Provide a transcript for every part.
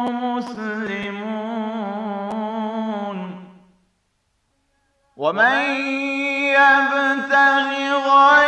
مسلمون ومن يبتغي غير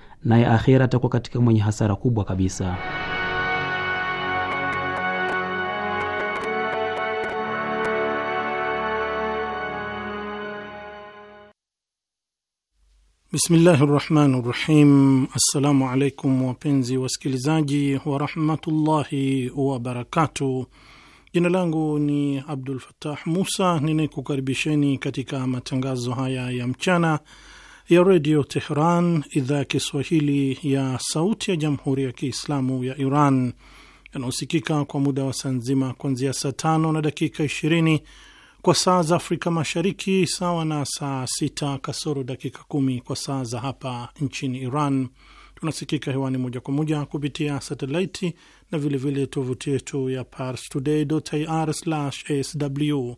naye akhera atakuwa katika mwenye hasara kubwa kabisa. Bismillahi rahmani rahim. Assalamu alaikum wapenzi wasikilizaji warahmatullahi wabarakatuh. Jina langu ni Abdul Fattah Musa ninayekukaribisheni katika matangazo haya ya mchana ya Redio Teheran, idhaa ya Kiswahili ya sauti ya Jamhuri ya Kiislamu ya Iran yanayosikika kwa muda wa saa nzima kuanzia saa tano na dakika 20 kwa saa za Afrika Mashariki, sawa na saa sita kasoro dakika kumi kwa saa za hapa nchini Iran. Tunasikika hewani moja kwa moja kupitia satelaiti na vilevile tovuti yetu ya parstoday.ir/sw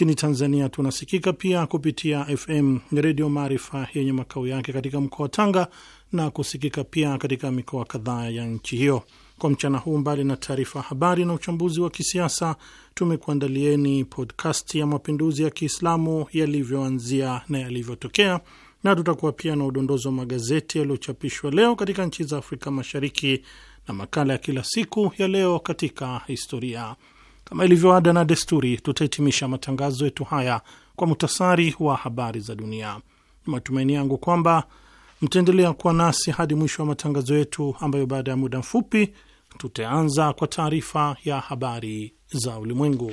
Nchini Tanzania tunasikika pia kupitia FM Redio Maarifa yenye makao yake katika mkoa wa Tanga na kusikika pia katika mikoa kadhaa ya nchi hiyo. Kwa mchana huu, mbali na taarifa ya habari na uchambuzi wa kisiasa, tumekuandalieni podkasti ya mapinduzi ya Kiislamu yalivyoanzia na yalivyotokea, na tutakuwa pia na udondozi wa magazeti yaliyochapishwa leo katika nchi za Afrika Mashariki na makala ya kila siku ya leo katika historia. Kama ilivyo ada na desturi, tutahitimisha matangazo yetu haya kwa muhtasari wa habari za dunia. Matumaini yangu kwamba mtaendelea kuwa nasi hadi mwisho wa matangazo yetu, ambayo baada ya muda mfupi tutaanza kwa taarifa ya habari za ulimwengu.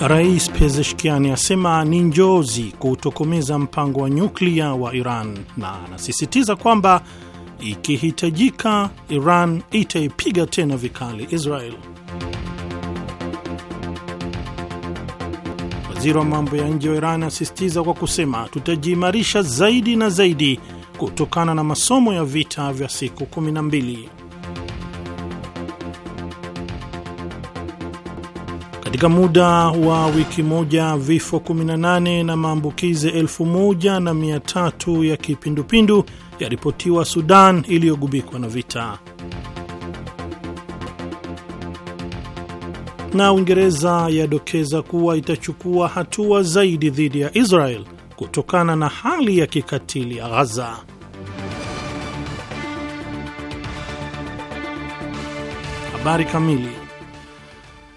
Rais Pezeshkiani asema ni njozi kutokomeza mpango wa nyuklia wa Iran na anasisitiza kwamba ikihitajika, Iran itaipiga tena vikali Israel. Waziri wa mambo ya nje wa Iran asisitiza kwa kusema, tutajiimarisha zaidi na zaidi kutokana na masomo ya vita vya siku 12. Katika muda wa wiki moja vifo 18 na maambukizi 1300 ya kipindupindu yaripotiwa Sudan iliyogubikwa na vita. Na Uingereza yadokeza kuwa itachukua hatua zaidi dhidi ya Israel kutokana na hali ya kikatili ya Ghaza. Habari kamili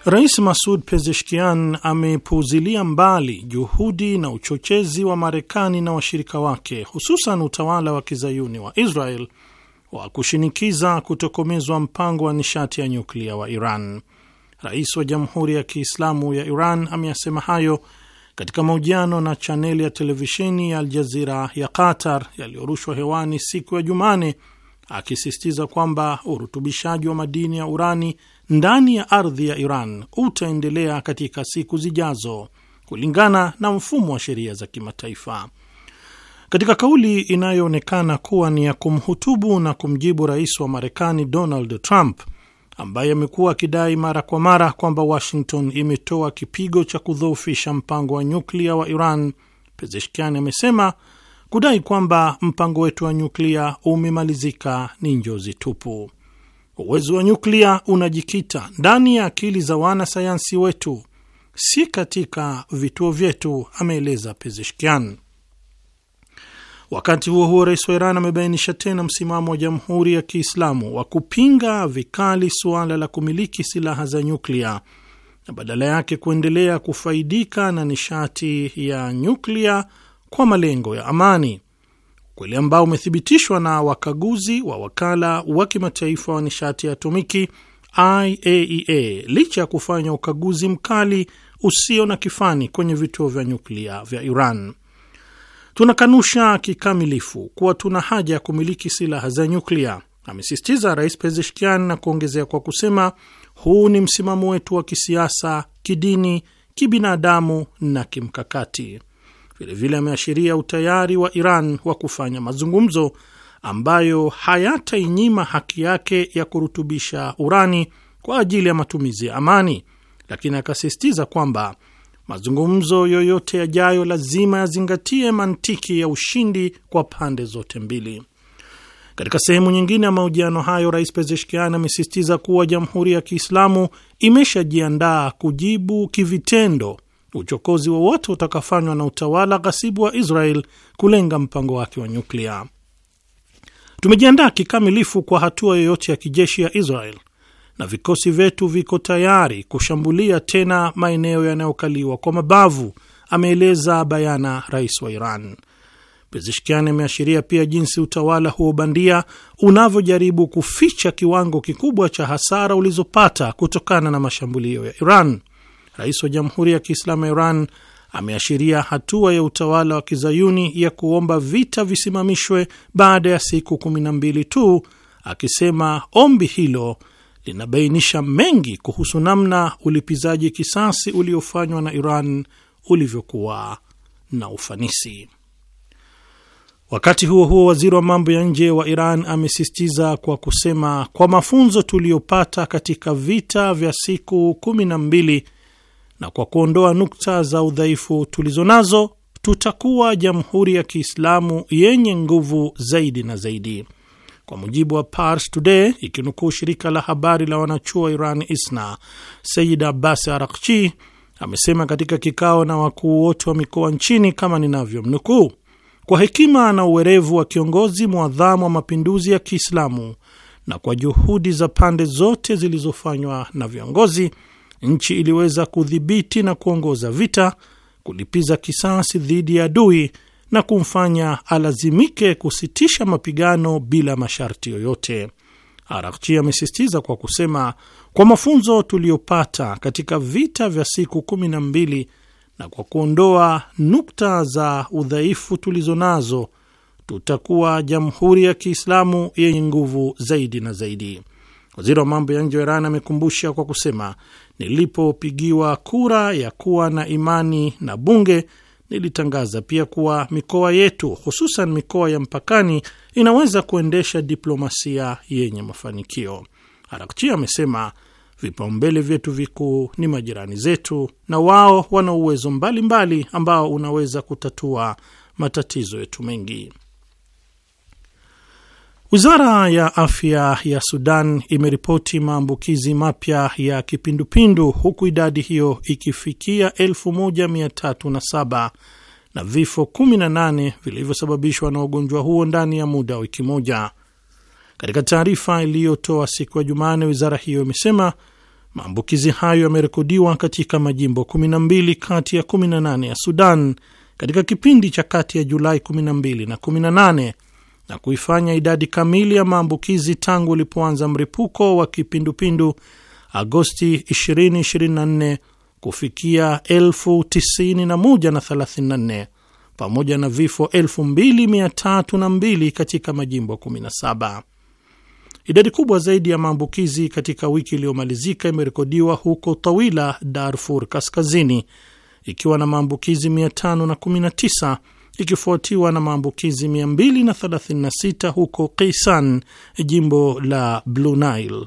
Rais Masud Pezeshkian amepuuzilia mbali juhudi na uchochezi wa Marekani na washirika wake, hususan utawala wa kizayuni wa Israel wa kushinikiza kutokomezwa mpango wa nishati ya nyuklia wa Iran. Rais wa Jamhuri ya Kiislamu ya Iran ameyasema hayo katika mahojiano na chaneli ya televisheni ya Aljazira ya Qatar yaliyorushwa hewani siku ya Jumane, akisisitiza kwamba urutubishaji wa madini ya urani ndani ya ardhi ya Iran utaendelea katika siku zijazo kulingana na mfumo wa sheria za kimataifa. Katika kauli inayoonekana kuwa ni ya kumhutubu na kumjibu rais wa Marekani Donald Trump ambaye amekuwa akidai mara kwa mara kwamba Washington imetoa kipigo cha kudhoofisha mpango wa nyuklia wa Iran, Pezeshkian amesema kudai kwamba mpango wetu wa nyuklia umemalizika ni njozi tupu. Uwezo wa nyuklia unajikita ndani ya akili za wanasayansi wetu, si katika vituo vyetu, ameeleza Pezeshkian. Wakati huo huo, rais wa Iran amebainisha tena msimamo wa Jamhuri ya Kiislamu wa kupinga vikali suala la kumiliki silaha za nyuklia na badala yake kuendelea kufaidika na nishati ya nyuklia kwa malengo ya amani ukweli ambao umethibitishwa na wakaguzi wa wakala wa kimataifa wa nishati ya atomiki IAEA e licha ya kufanya ukaguzi mkali usio na kifani kwenye vituo vya nyuklia vya Iran. Tunakanusha kikamilifu kuwa tuna haja ya kumiliki silaha za nyuklia, amesisitiza Rais Pezeshkian na kuongezea kwa kusema, huu ni msimamo wetu wa kisiasa, kidini, kibinadamu na kimkakati. Vilevile ameashiria utayari wa Iran wa kufanya mazungumzo ambayo hayatainyima haki yake ya kurutubisha urani kwa ajili ya matumizi ya amani, lakini akasisitiza kwamba mazungumzo yoyote yajayo lazima yazingatie mantiki ya ushindi kwa pande zote mbili. Katika sehemu nyingine ya mahojiano hayo, Rais Pezeshkian amesisitiza kuwa Jamhuri ya Kiislamu imeshajiandaa kujibu kivitendo uchokozi wowote utakafanywa na utawala ghasibu wa Israel kulenga mpango wake wa nyuklia. Tumejiandaa kikamilifu kwa hatua yoyote ya kijeshi ya Israel na vikosi vyetu viko tayari kushambulia tena maeneo yanayokaliwa kwa mabavu, ameeleza bayana rais wa Iran. Pezeshkian ameashiria pia jinsi utawala huo bandia unavyojaribu kuficha kiwango kikubwa cha hasara ulizopata kutokana na mashambulio ya Iran. Rais wa Jamhuri ya Kiislamu ya Iran ameashiria hatua ya utawala wa kizayuni ya kuomba vita visimamishwe baada ya siku kumi na mbili tu, akisema ombi hilo linabainisha mengi kuhusu namna ulipizaji kisasi uliofanywa na Iran ulivyokuwa na ufanisi. Wakati huo huo, waziri wa mambo ya nje wa Iran amesisitiza kwa kusema, kwa mafunzo tuliyopata katika vita vya siku kumi na mbili na kwa kuondoa nukta za udhaifu tulizo nazo tutakuwa jamhuri ya Kiislamu yenye nguvu zaidi na zaidi. Kwa mujibu wa Pars Today ikinukuu shirika la habari la wanachuo Iran ISNA, Said Abbas Arakchi amesema katika kikao na wakuu wote wa mikoa nchini kama ninavyomnukuu: kwa hekima na uwerevu wa kiongozi mwadhamu wa mapinduzi ya Kiislamu na kwa juhudi za pande zote zilizofanywa na viongozi nchi iliweza kudhibiti na kuongoza vita, kulipiza kisasi dhidi ya adui na kumfanya alazimike kusitisha mapigano bila masharti yoyote. Arakchi amesisitiza kwa kusema, kwa mafunzo tuliyopata katika vita vya siku kumi na mbili na kwa kuondoa nukta za udhaifu tulizo nazo, tutakuwa jamhuri ya Kiislamu yenye nguvu zaidi na zaidi. Waziri wa mambo ya nje wa Iran amekumbusha kwa kusema, Nilipopigiwa kura ya kuwa na imani na bunge, nilitangaza pia kuwa mikoa yetu, hususan mikoa ya mpakani, inaweza kuendesha diplomasia yenye mafanikio. Arakchi amesema vipaumbele vyetu vikuu ni majirani zetu, na wao wana uwezo mbalimbali ambao unaweza kutatua matatizo yetu mengi. Wizara ya afya ya Sudan imeripoti maambukizi mapya ya kipindupindu huku idadi hiyo ikifikia 1307 na vifo 18 vilivyosababishwa na ugonjwa huo ndani ya muda wa wiki moja. Katika taarifa iliyotoa siku ya Jumane, wizara hiyo imesema maambukizi hayo yamerekodiwa katika majimbo 12 kati ya 18 ya Sudan katika kipindi cha kati ya Julai 12 na 18 na kuifanya idadi kamili ya maambukizi tangu ulipoanza mripuko wa kipindupindu Agosti 2024 kufikia 91,034 pamoja na vifo 2,302 katika majimbo 17. Idadi kubwa zaidi ya maambukizi katika wiki iliyomalizika imerekodiwa huko Tawila, Darfur Kaskazini, ikiwa na maambukizi 519 ikifuatiwa na maambukizi 236 huko kisan jimbo la Blue Nile.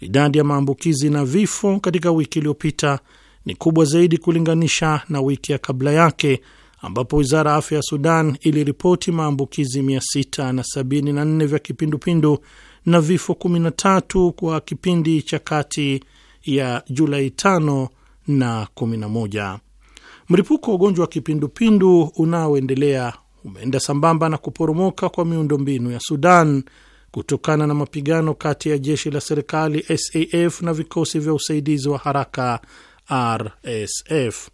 Idadi ya maambukizi na vifo katika wiki iliyopita ni kubwa zaidi kulinganisha na wiki ya kabla yake ambapo wizara ya afya ya Sudan iliripoti maambukizi 674 vya kipindupindu na vifo 13 kwa kipindi cha kati ya Julai 5 na 11. Mlipuko wa ugonjwa wa kipindupindu unaoendelea umeenda sambamba na kuporomoka kwa miundombinu ya Sudan kutokana na mapigano kati ya jeshi la serikali SAF na vikosi vya usaidizi wa haraka RSF.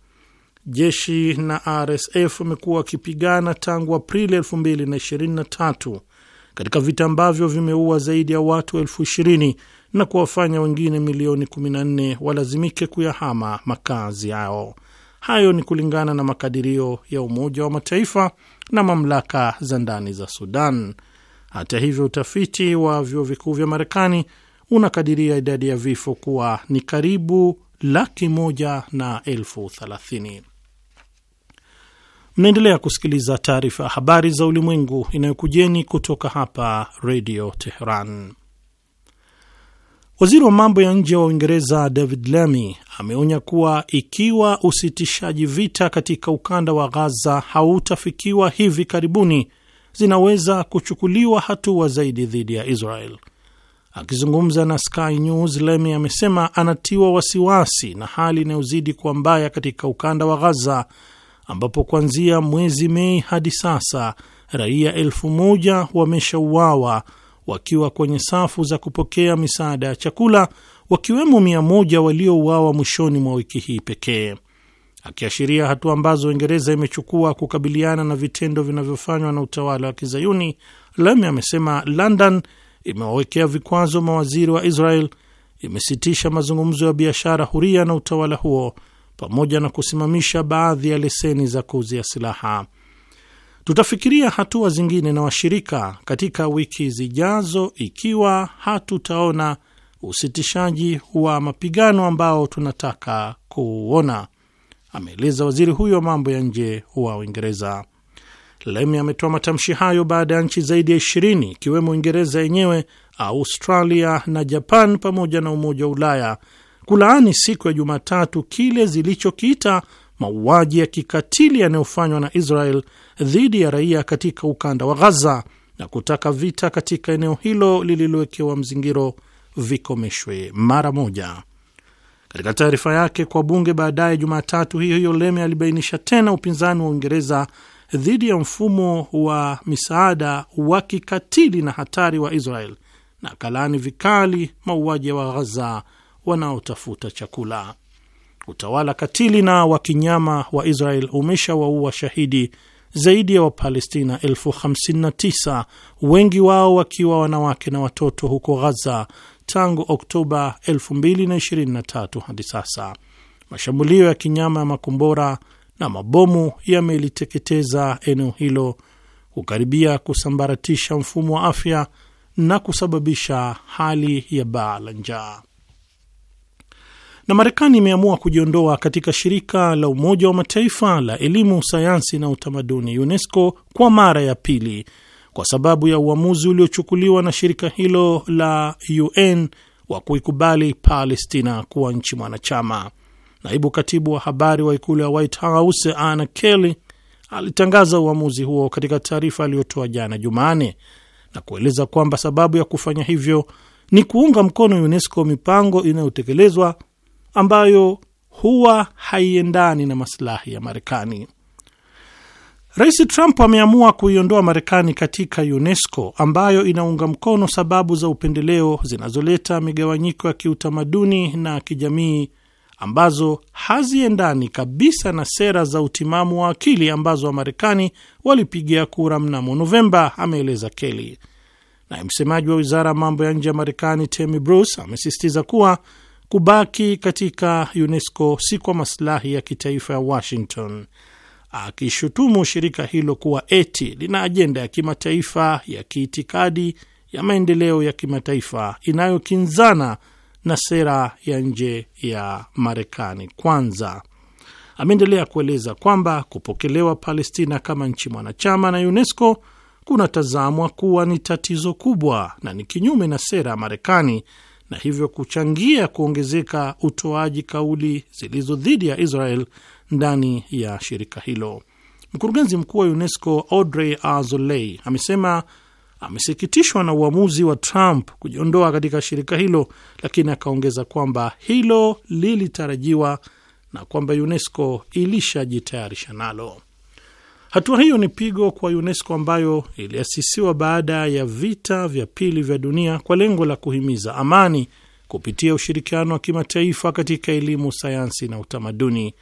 Jeshi na RSF wamekuwa wakipigana tangu Aprili 2023 katika vita ambavyo vimeua zaidi ya watu elfu ishirini na kuwafanya wengine milioni 14 walazimike kuyahama makazi yao. Hayo ni kulingana na makadirio ya Umoja wa Mataifa na mamlaka za ndani za Sudan. Hata hivyo, utafiti wa vyuo vikuu vya Marekani unakadiria idadi ya vifo kuwa ni karibu laki moja na elfu thelathini. Mnaendelea kusikiliza taarifa ya habari za ulimwengu inayokujeni kutoka hapa Redio Teheran. Waziri wa mambo ya nje wa Uingereza David Lammy ameonya kuwa ikiwa usitishaji vita katika ukanda wa Ghaza hautafikiwa hivi karibuni, zinaweza kuchukuliwa hatua zaidi dhidi ya Israel. Akizungumza na Sky News, Lammy amesema anatiwa wasiwasi na hali inayozidi kuwa mbaya katika ukanda wa Ghaza ambapo kuanzia mwezi Mei hadi sasa raia elfu moja wameshauawa wakiwa kwenye safu za kupokea misaada ya chakula, wakiwemo mia moja waliouawa mwishoni mwa wiki hii pekee, akiashiria hatua ambazo Uingereza imechukua kukabiliana na vitendo vinavyofanywa na utawala wa Kizayuni. Lamy amesema London imewawekea vikwazo mawaziri wa Israel, imesitisha mazungumzo ya biashara huria na utawala huo pamoja na kusimamisha baadhi ya leseni za kuuzia silaha. Tutafikiria hatua zingine na washirika katika wiki zijazo, ikiwa hatutaona usitishaji wa mapigano ambao tunataka kuuona, ameeleza waziri huyo wa mambo ya nje wa Uingereza. Lemi ametoa matamshi hayo baada ya nchi zaidi ya ishirini ikiwemo Uingereza yenyewe, Australia na Japan pamoja na Umoja wa Ulaya kulaani siku ya Jumatatu kile zilichokiita mauaji ya kikatili yanayofanywa na Israel dhidi ya raia katika ukanda wa Ghaza na kutaka vita katika eneo hilo lililowekewa mzingiro vikomeshwe mara moja. Katika taarifa yake kwa bunge baadaye Jumatatu hiyo hiyo, Leme alibainisha tena upinzani wa Uingereza dhidi ya mfumo wa misaada wa kikatili na hatari wa Israel na kalani vikali mauaji ya ghaza wanaotafuta chakula. Utawala katili na wa kinyama wa Israel umeshawaua shahidi zaidi ya Wapalestina elfu wengi wao wakiwa wanawake na watoto huko Ghaza tangu Oktoba 2023 hadi sasa. Mashambulio ya kinyama ya makombora na mabomu yameliteketeza eneo hilo, kukaribia kusambaratisha mfumo wa afya na kusababisha hali ya baa la njaa. Na Marekani imeamua kujiondoa katika shirika la Umoja wa Mataifa la elimu, sayansi na utamaduni UNESCO kwa mara ya pili kwa sababu ya uamuzi uliochukuliwa na shirika hilo la UN wa kuikubali Palestina kuwa nchi mwanachama. Naibu katibu wa habari wa ikulu ya White House Anna Kelly alitangaza uamuzi huo katika taarifa aliyotoa jana Jumanne na kueleza kwamba sababu ya kufanya hivyo ni kuunga mkono UNESCO mipango inayotekelezwa ambayo huwa haiendani na masilahi ya Marekani. Rais Trump ameamua kuiondoa Marekani katika UNESCO ambayo inaunga mkono sababu za upendeleo zinazoleta migawanyiko ya kiutamaduni na kijamii ambazo haziendani kabisa na sera za utimamu wa akili ambazo Wamarekani walipigia kura mnamo Novemba, ameeleza Kelly. Naye msemaji wa wizara ya mambo ya nje ya Marekani Tammy Bruce amesisitiza kuwa kubaki katika UNESCO si kwa masilahi ya kitaifa ya Washington, akishutumu shirika hilo kuwa eti lina ajenda ya kimataifa ya kiitikadi ya maendeleo ya kimataifa inayokinzana na sera ya nje ya Marekani. Kwanza ameendelea kueleza kwamba kupokelewa Palestina kama nchi mwanachama na UNESCO kunatazamwa kuwa ni tatizo kubwa na ni kinyume na sera ya Marekani na hivyo kuchangia kuongezeka utoaji kauli zilizo dhidi ya Israel ndani ya shirika hilo. Mkurugenzi mkuu wa UNESCO Audrey Azoulay amesema amesikitishwa na uamuzi wa Trump kujiondoa katika shirika hilo, lakini akaongeza kwamba hilo lilitarajiwa na kwamba UNESCO ilishajitayarisha nalo. Hatua hiyo ni pigo kwa UNESCO ambayo iliasisiwa baada ya vita vya pili vya dunia kwa lengo la kuhimiza amani kupitia ushirikiano wa kimataifa katika elimu, sayansi na utamaduni.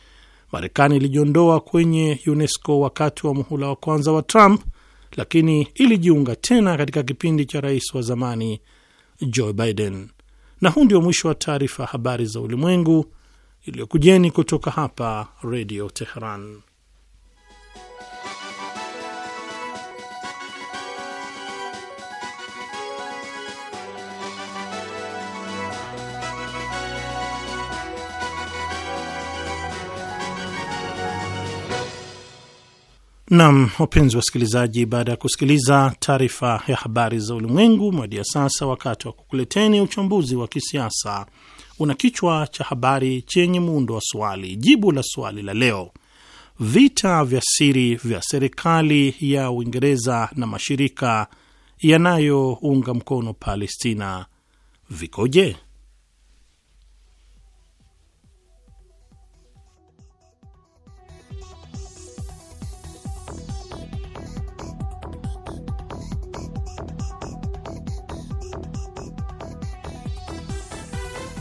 Marekani ilijiondoa kwenye UNESCO wakati wa muhula wa kwanza wa Trump, lakini ilijiunga tena katika kipindi cha rais wa zamani Joe Biden. Na huu ndio mwisho wa taarifa ya habari za ulimwengu iliyokujeni kutoka hapa Redio Teheran. Nam, wapenzi wasikilizaji, baada ya kusikiliza taarifa ya habari za ulimwengu, mwadia sasa wakati wa kukuleteni uchambuzi wa kisiasa una kichwa cha habari chenye muundo wa swali jibu la swali la leo: vita vya siri vya serikali ya Uingereza na mashirika yanayounga mkono Palestina vikoje?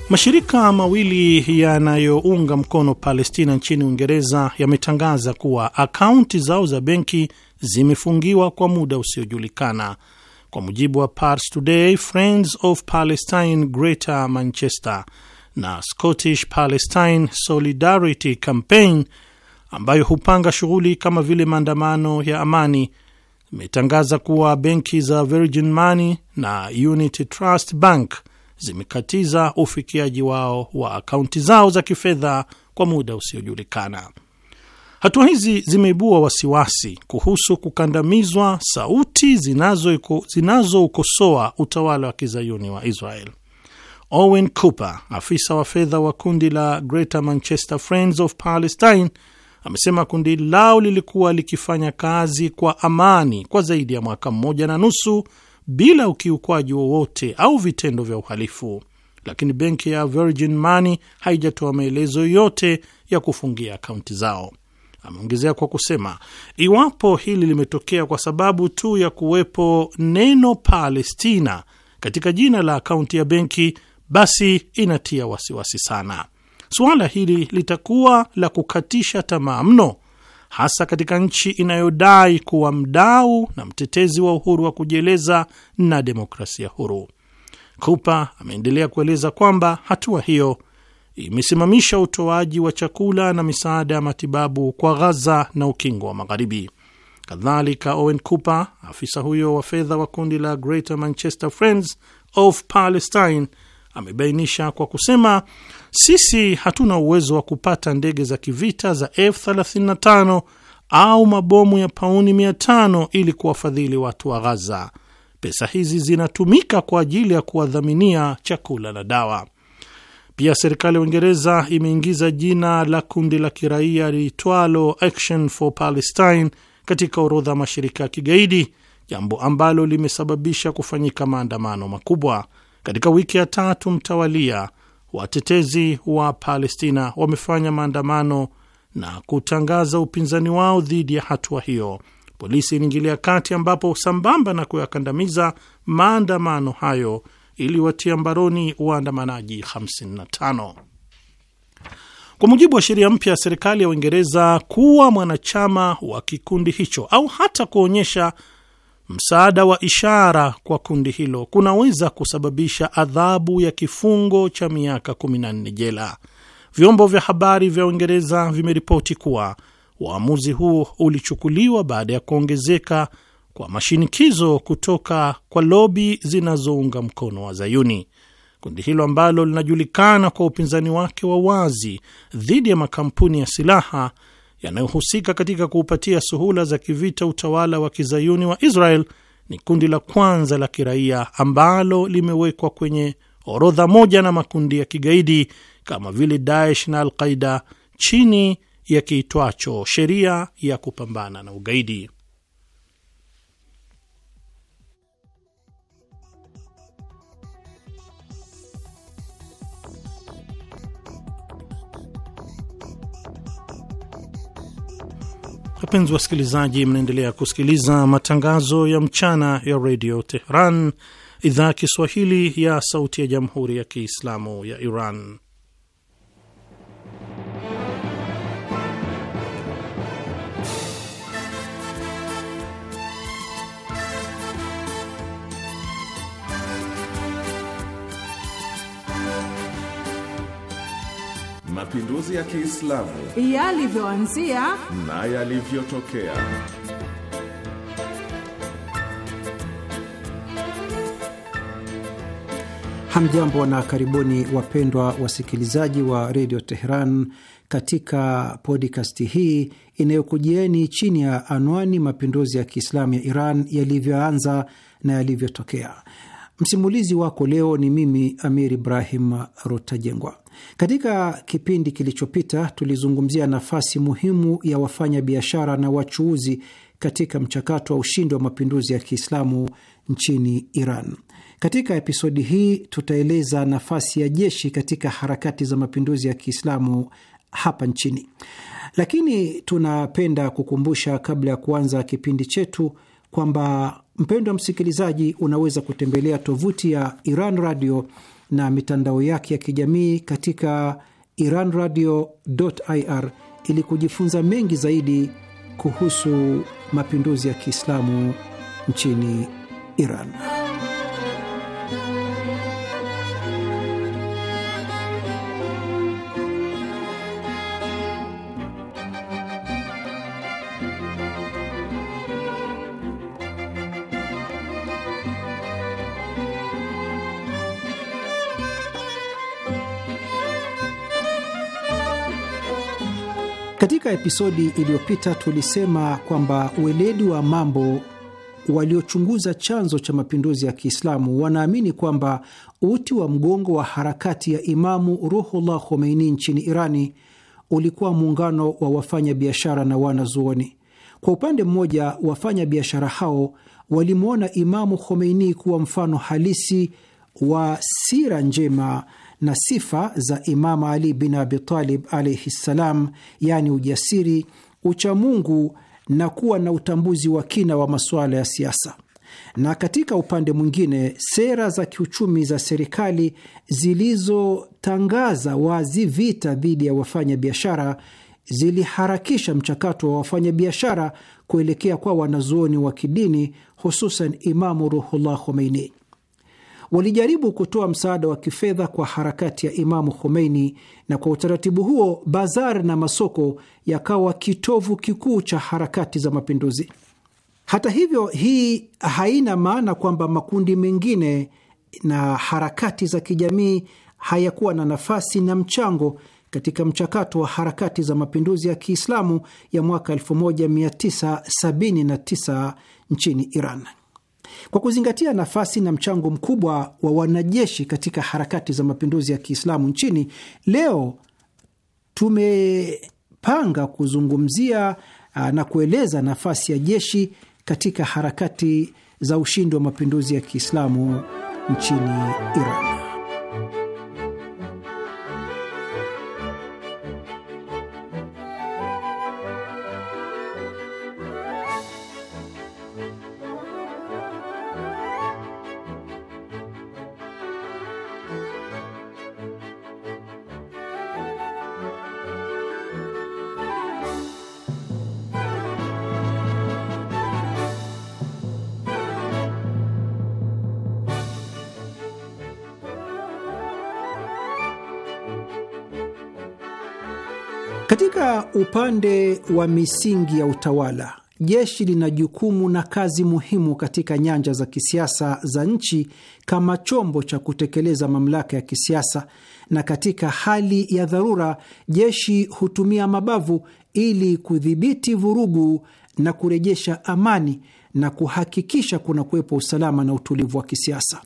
Mashirika mawili yanayounga mkono Palestina nchini Uingereza yametangaza kuwa akaunti zao za benki zimefungiwa kwa muda usiojulikana. Kwa mujibu wa Pars Today, Friends of Palestine Greater Manchester na Scottish Palestine Solidarity Campaign ambayo hupanga shughuli kama vile maandamano ya amani imetangaza kuwa benki za Virgin Money na Unity Trust Bank zimekatiza ufikiaji wao wa akaunti zao za kifedha kwa muda usiojulikana. Hatua hizi zimeibua wasiwasi kuhusu kukandamizwa sauti zinazoukosoa utawala wa kizayuni wa Israel. Owen Cooper, afisa wa fedha wa kundi la Greater Manchester Friends of Palestine, amesema kundi lao lilikuwa likifanya kazi kwa amani kwa zaidi ya mwaka mmoja na nusu bila ukiukwaji wowote au vitendo vya uhalifu, lakini benki ya Virgin Money haijatoa maelezo yote ya kufungia akaunti zao. Ameongezea kwa kusema iwapo hili limetokea kwa sababu tu ya kuwepo neno Palestina katika jina la akaunti ya benki, basi inatia wasiwasi wasi sana. Suala hili litakuwa la kukatisha tamaa mno hasa katika nchi inayodai kuwa mdau na mtetezi wa uhuru wa kujieleza na demokrasia huru. Cooper ameendelea kueleza kwamba hatua hiyo imesimamisha utoaji wa chakula na misaada ya matibabu kwa Ghaza na ukingo wa Magharibi. Kadhalika, Owen Cooper, afisa huyo wa fedha wa kundi la Greater Manchester Friends of Palestine Amebainisha kwa kusema, sisi hatuna uwezo wa kupata ndege za kivita za F35 au mabomu ya pauni 500 ili kuwafadhili watu wa Ghaza. Pesa hizi zinatumika kwa ajili ya kuwadhaminia chakula na dawa. Pia serikali ya Uingereza imeingiza jina la kundi la kiraia liitwalo Action for Palestine katika orodha ya mashirika ya kigaidi, jambo ambalo limesababisha kufanyika maandamano makubwa. Katika wiki ya tatu mtawalia, watetezi wa Palestina wamefanya maandamano na kutangaza upinzani wao dhidi ya hatua hiyo. Polisi iliingilia kati, ambapo sambamba na kuyakandamiza maandamano hayo iliwatia mbaroni waandamanaji 55. Kwa mujibu wa sheria mpya ya serikali ya Uingereza, kuwa mwanachama wa kikundi hicho au hata kuonyesha Msaada wa ishara kwa kundi hilo kunaweza kusababisha adhabu ya kifungo cha miaka 14 jela. Vyombo vya habari vya Uingereza vimeripoti kuwa uamuzi huo ulichukuliwa baada ya kuongezeka kwa mashinikizo kutoka kwa lobi zinazounga mkono wa zayuni Kundi hilo ambalo linajulikana kwa upinzani wake wa wazi dhidi ya makampuni ya silaha yanayohusika katika kuupatia suhula za kivita utawala wa kizayuni wa Israel ni kundi la kwanza la kiraia ambalo limewekwa kwenye orodha moja na makundi ya kigaidi kama vile Daesh na Alqaida chini ya kiitwacho sheria ya kupambana na ugaidi. Wapenzi wasikilizaji, mnaendelea kusikiliza matangazo ya mchana ya redio Tehran, idhaa ya Kiswahili ya sauti ya jamhuri ya kiislamu ya Iran. mapinduzi ya Kiislamu yalivyoanzia na yalivyotokea. Hamjambo na karibuni wapendwa wasikilizaji wa redio Teheran katika podikasti hii inayokujieni chini ya anwani mapinduzi ya Kiislamu ya Iran yalivyoanza na yalivyotokea. Msimulizi wako leo ni mimi Amir Ibrahim Rutajengwa. Katika kipindi kilichopita tulizungumzia nafasi muhimu ya wafanyabiashara na wachuuzi katika mchakato wa ushindi wa mapinduzi ya Kiislamu nchini Iran. Katika episodi hii tutaeleza nafasi ya jeshi katika harakati za mapinduzi ya Kiislamu hapa nchini, lakini tunapenda kukumbusha kabla ya kuanza kipindi chetu kwamba mpendo wa msikilizaji, unaweza kutembelea tovuti ya Iran Radio na mitandao yake ya kijamii katika iranradio.ir ili kujifunza mengi zaidi kuhusu mapinduzi ya Kiislamu nchini Iran. Katika episodi iliyopita tulisema kwamba weledi wa mambo waliochunguza chanzo cha mapinduzi ya Kiislamu wanaamini kwamba uti wa mgongo wa harakati ya Imamu Ruhullah Khomeini nchini Irani ulikuwa muungano wa wafanya biashara na wanazuoni. Kwa upande mmoja, wafanya biashara hao walimwona Imamu Khomeini kuwa mfano halisi wa sira njema na sifa za Imamu Ali bin Abitalib alaihi ssalam, yaani ujasiri, uchamungu na kuwa na utambuzi wa kina wa masuala ya siasa. Na katika upande mwingine, sera za kiuchumi za serikali zilizotangaza wazi vita dhidi ya wafanyabiashara ziliharakisha mchakato wa wafanyabiashara kuelekea kwa wanazuoni wa kidini, hususan Imamu Ruhullah Khomeini walijaribu kutoa msaada wa kifedha kwa harakati ya Imamu Khomeini, na kwa utaratibu huo bazar na masoko yakawa kitovu kikuu cha harakati za mapinduzi. Hata hivyo, hii haina maana kwamba makundi mengine na harakati za kijamii hayakuwa na nafasi na mchango katika mchakato wa harakati za mapinduzi ya Kiislamu ya mwaka 1979 nchini Iran. Kwa kuzingatia nafasi na mchango mkubwa wa wanajeshi katika harakati za mapinduzi ya Kiislamu nchini, leo tumepanga kuzungumzia uh, na kueleza nafasi ya jeshi katika harakati za ushindi wa mapinduzi ya Kiislamu nchini Iran. upande wa misingi ya utawala, jeshi lina jukumu na kazi muhimu katika nyanja za kisiasa za nchi kama chombo cha kutekeleza mamlaka ya kisiasa, na katika hali ya dharura jeshi hutumia mabavu ili kudhibiti vurugu na kurejesha amani na kuhakikisha kuna kuwepo usalama na utulivu wa kisiasa.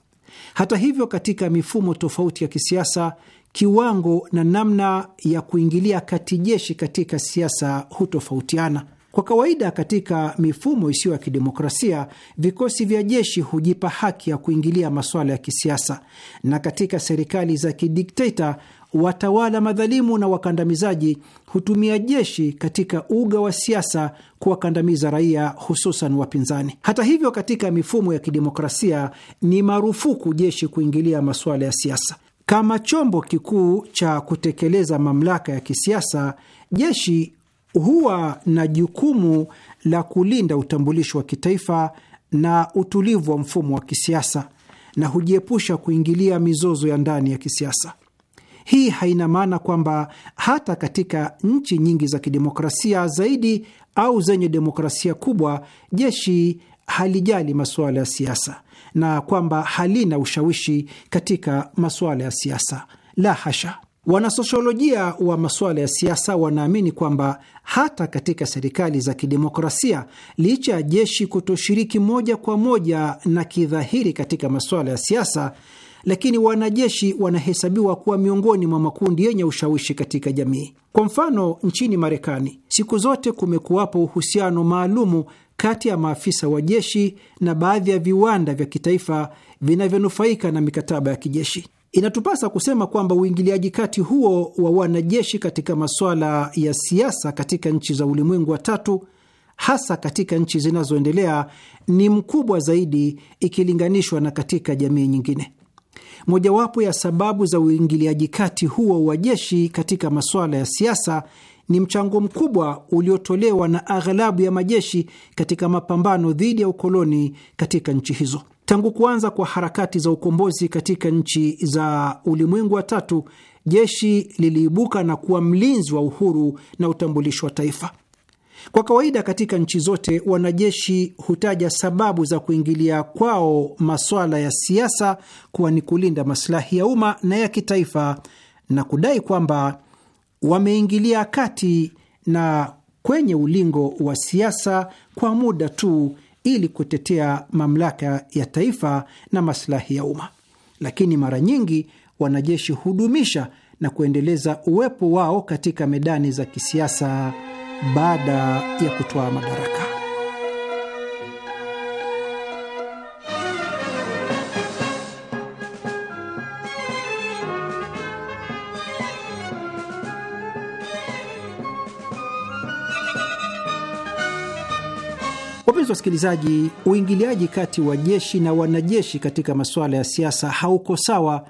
Hata hivyo, katika mifumo tofauti ya kisiasa, kiwango na namna ya kuingilia kati jeshi katika siasa hutofautiana. Kwa kawaida, katika mifumo isiyo ya kidemokrasia, vikosi vya jeshi hujipa haki ya kuingilia masuala ya kisiasa, na katika serikali za kidikteta, watawala madhalimu na wakandamizaji hutumia jeshi katika uga wa siasa kuwakandamiza raia, hususan wapinzani. Hata hivyo, katika mifumo ya kidemokrasia ni marufuku jeshi kuingilia masuala ya siasa. Kama chombo kikuu cha kutekeleza mamlaka ya kisiasa, jeshi huwa na jukumu la kulinda utambulisho wa kitaifa na utulivu wa mfumo wa kisiasa na hujiepusha kuingilia mizozo ya ndani ya kisiasa. Hii haina maana kwamba hata katika nchi nyingi za kidemokrasia zaidi au zenye demokrasia kubwa, jeshi halijali masuala ya siasa, na kwamba halina ushawishi katika masuala ya siasa. La hasha! Wanasosiolojia wa masuala ya siasa wanaamini kwamba hata katika serikali za kidemokrasia, licha ya jeshi kutoshiriki moja kwa moja na kidhahiri katika masuala ya siasa, lakini wanajeshi wanahesabiwa kuwa miongoni mwa makundi yenye ushawishi katika jamii. Kwa mfano, nchini Marekani siku zote kumekuwapo uhusiano maalumu kati ya maafisa wa jeshi na baadhi ya viwanda vya kitaifa vinavyonufaika na mikataba ya kijeshi. Inatupasa kusema kwamba uingiliaji kati huo wa wanajeshi katika masuala ya siasa katika nchi za ulimwengu wa tatu, hasa katika nchi zinazoendelea, ni mkubwa zaidi ikilinganishwa na katika jamii nyingine. Mojawapo ya sababu za uingiliaji kati huo wa jeshi katika masuala ya siasa ni mchango mkubwa uliotolewa na aghalabu ya majeshi katika mapambano dhidi ya ukoloni katika nchi hizo. Tangu kuanza kwa harakati za ukombozi katika nchi za ulimwengu wa tatu, jeshi liliibuka na kuwa mlinzi wa uhuru na utambulisho wa taifa. Kwa kawaida katika nchi zote wanajeshi hutaja sababu za kuingilia kwao maswala ya siasa kuwa ni kulinda masilahi ya umma na ya kitaifa na kudai kwamba wameingilia kati na kwenye ulingo wa siasa kwa muda tu ili kutetea mamlaka ya taifa na masilahi ya umma, lakini mara nyingi wanajeshi hudumisha na kuendeleza uwepo wao katika medani za kisiasa baada ya kutoa madaraka. wasikilizaji, uingiliaji kati wa jeshi na wanajeshi katika masuala ya siasa hauko sawa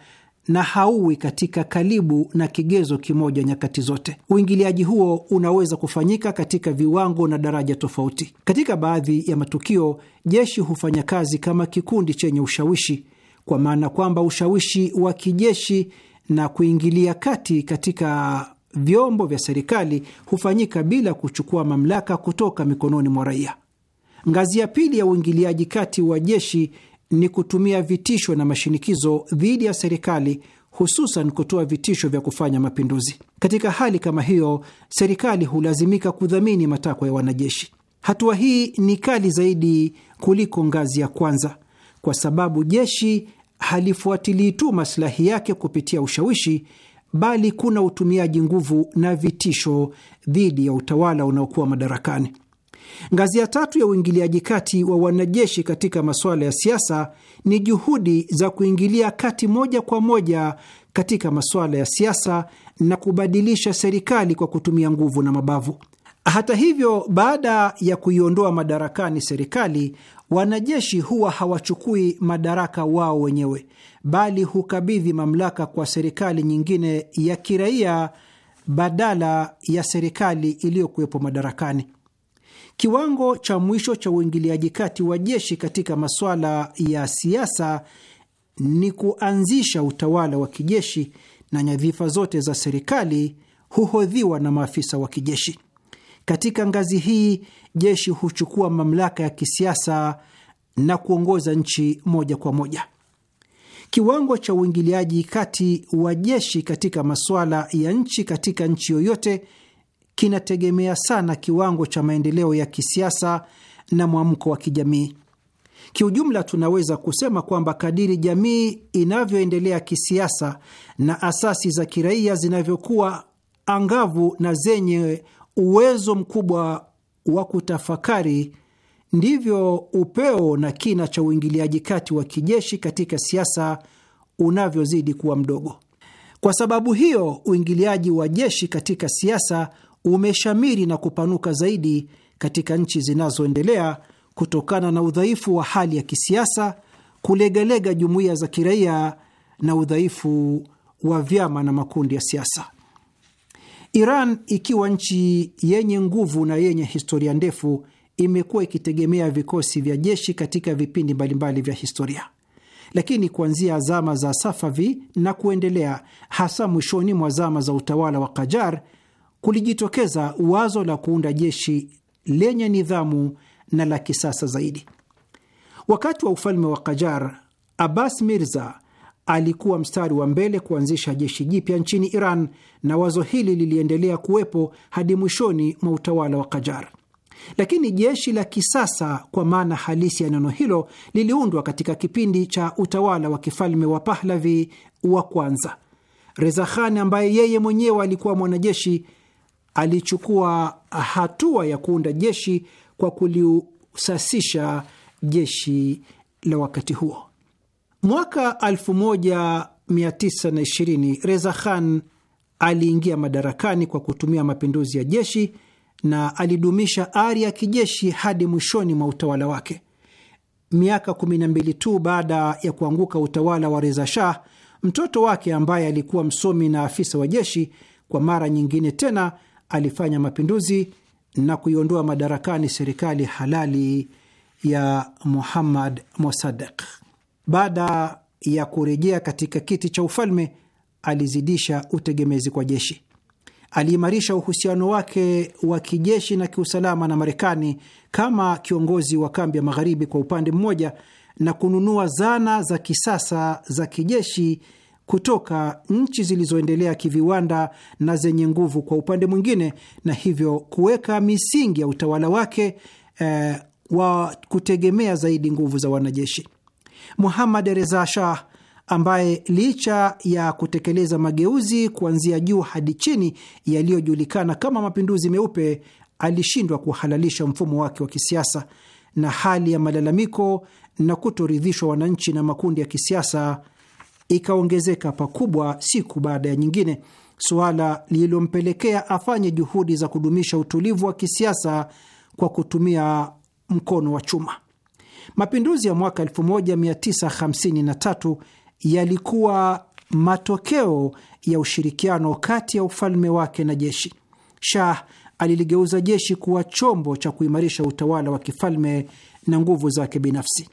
na hauwi katika kalibu na kigezo kimoja nyakati zote. Uingiliaji huo unaweza kufanyika katika viwango na daraja tofauti. Katika baadhi ya matukio, jeshi hufanya kazi kama kikundi chenye ushawishi, kwa maana kwamba ushawishi wa kijeshi na kuingilia kati katika vyombo vya serikali hufanyika bila kuchukua mamlaka kutoka mikononi mwa raia. Ngazi ya pili ya uingiliaji kati wa jeshi ni kutumia vitisho na mashinikizo dhidi ya serikali, hususan kutoa vitisho vya kufanya mapinduzi. Katika hali kama hiyo, serikali hulazimika kudhamini matakwa ya wanajeshi. Hatua hii ni kali zaidi kuliko ngazi ya kwanza, kwa sababu jeshi halifuatilii tu masilahi yake kupitia ushawishi, bali kuna utumiaji nguvu na vitisho dhidi ya utawala unaokuwa madarakani. Ngazi ya tatu ya uingiliaji kati wa wanajeshi katika masuala ya siasa ni juhudi za kuingilia kati moja kwa moja katika masuala ya siasa na kubadilisha serikali kwa kutumia nguvu na mabavu. Hata hivyo, baada ya kuiondoa madarakani serikali, wanajeshi huwa hawachukui madaraka wao wenyewe, bali hukabidhi mamlaka kwa serikali nyingine ya kiraia badala ya serikali iliyokuwepo madarakani. Kiwango cha mwisho cha uingiliaji kati wa jeshi katika masuala ya siasa ni kuanzisha utawala wa kijeshi na nyadhifa zote za serikali huhodhiwa na maafisa wa kijeshi. Katika ngazi hii, jeshi huchukua mamlaka ya kisiasa na kuongoza nchi moja kwa moja. Kiwango cha uingiliaji kati wa jeshi katika masuala ya nchi katika nchi yoyote kinategemea sana kiwango cha maendeleo ya kisiasa na mwamko wa kijamii. Kiujumla, tunaweza kusema kwamba kadiri jamii inavyoendelea kisiasa na asasi za kiraia zinavyokuwa angavu na zenye uwezo mkubwa wa kutafakari, ndivyo upeo na kina cha uingiliaji kati wa kijeshi katika siasa unavyozidi kuwa mdogo. Kwa sababu hiyo, uingiliaji wa jeshi katika siasa umeshamiri na kupanuka zaidi katika nchi zinazoendelea kutokana na udhaifu wa hali ya kisiasa, kulegalega jumuiya za kiraia na udhaifu wa vyama na makundi ya siasa. Iran ikiwa nchi yenye nguvu na yenye historia ndefu, imekuwa ikitegemea vikosi vya jeshi katika vipindi mbalimbali vya historia, lakini kuanzia zama za Safavi na kuendelea, hasa mwishoni mwa zama za utawala wa Kajar, kulijitokeza wazo la kuunda jeshi lenye nidhamu na la kisasa zaidi. Wakati wa ufalme wa kajar Abbas Mirza alikuwa mstari wa mbele kuanzisha jeshi jipya nchini Iran, na wazo hili liliendelea kuwepo hadi mwishoni mwa utawala wa kajar Lakini jeshi la kisasa kwa maana halisi ya neno hilo liliundwa katika kipindi cha utawala wa kifalme wa Pahlavi wa kwanza. Reza Khan ambaye yeye mwenyewe alikuwa mwanajeshi alichukua hatua ya kuunda jeshi kwa kuliusasisha jeshi la wakati huo. Mwaka 1920 Reza Khan aliingia madarakani kwa kutumia mapinduzi ya jeshi na alidumisha ari ya kijeshi hadi mwishoni mwa utawala wake. Miaka 12 tu baada ya kuanguka utawala wa Reza Shah, mtoto wake ambaye alikuwa msomi na afisa wa jeshi, kwa mara nyingine tena alifanya mapinduzi na kuiondoa madarakani serikali halali ya Muhammad Mosadek. Baada ya kurejea katika kiti cha ufalme, alizidisha utegemezi kwa jeshi. Aliimarisha uhusiano wake wa kijeshi na kiusalama na Marekani kama kiongozi wa kambi ya magharibi kwa upande mmoja, na kununua zana za kisasa za kijeshi kutoka nchi zilizoendelea kiviwanda na zenye nguvu kwa upande mwingine, na hivyo kuweka misingi ya utawala wake eh, wa kutegemea zaidi nguvu za wanajeshi. Muhammad Reza Shah ambaye licha ya kutekeleza mageuzi kuanzia juu hadi chini yaliyojulikana kama mapinduzi meupe, alishindwa kuhalalisha mfumo wake wa kisiasa, na hali ya malalamiko na kutoridhishwa wananchi na makundi ya kisiasa ikaongezeka pakubwa siku baada ya nyingine, suala lililompelekea afanye juhudi za kudumisha utulivu wa kisiasa kwa kutumia mkono wa chuma. Mapinduzi ya mwaka 1953 yalikuwa matokeo ya ushirikiano kati ya ufalme wake na jeshi. Shah aliligeuza jeshi kuwa chombo cha kuimarisha utawala wa kifalme na nguvu zake binafsi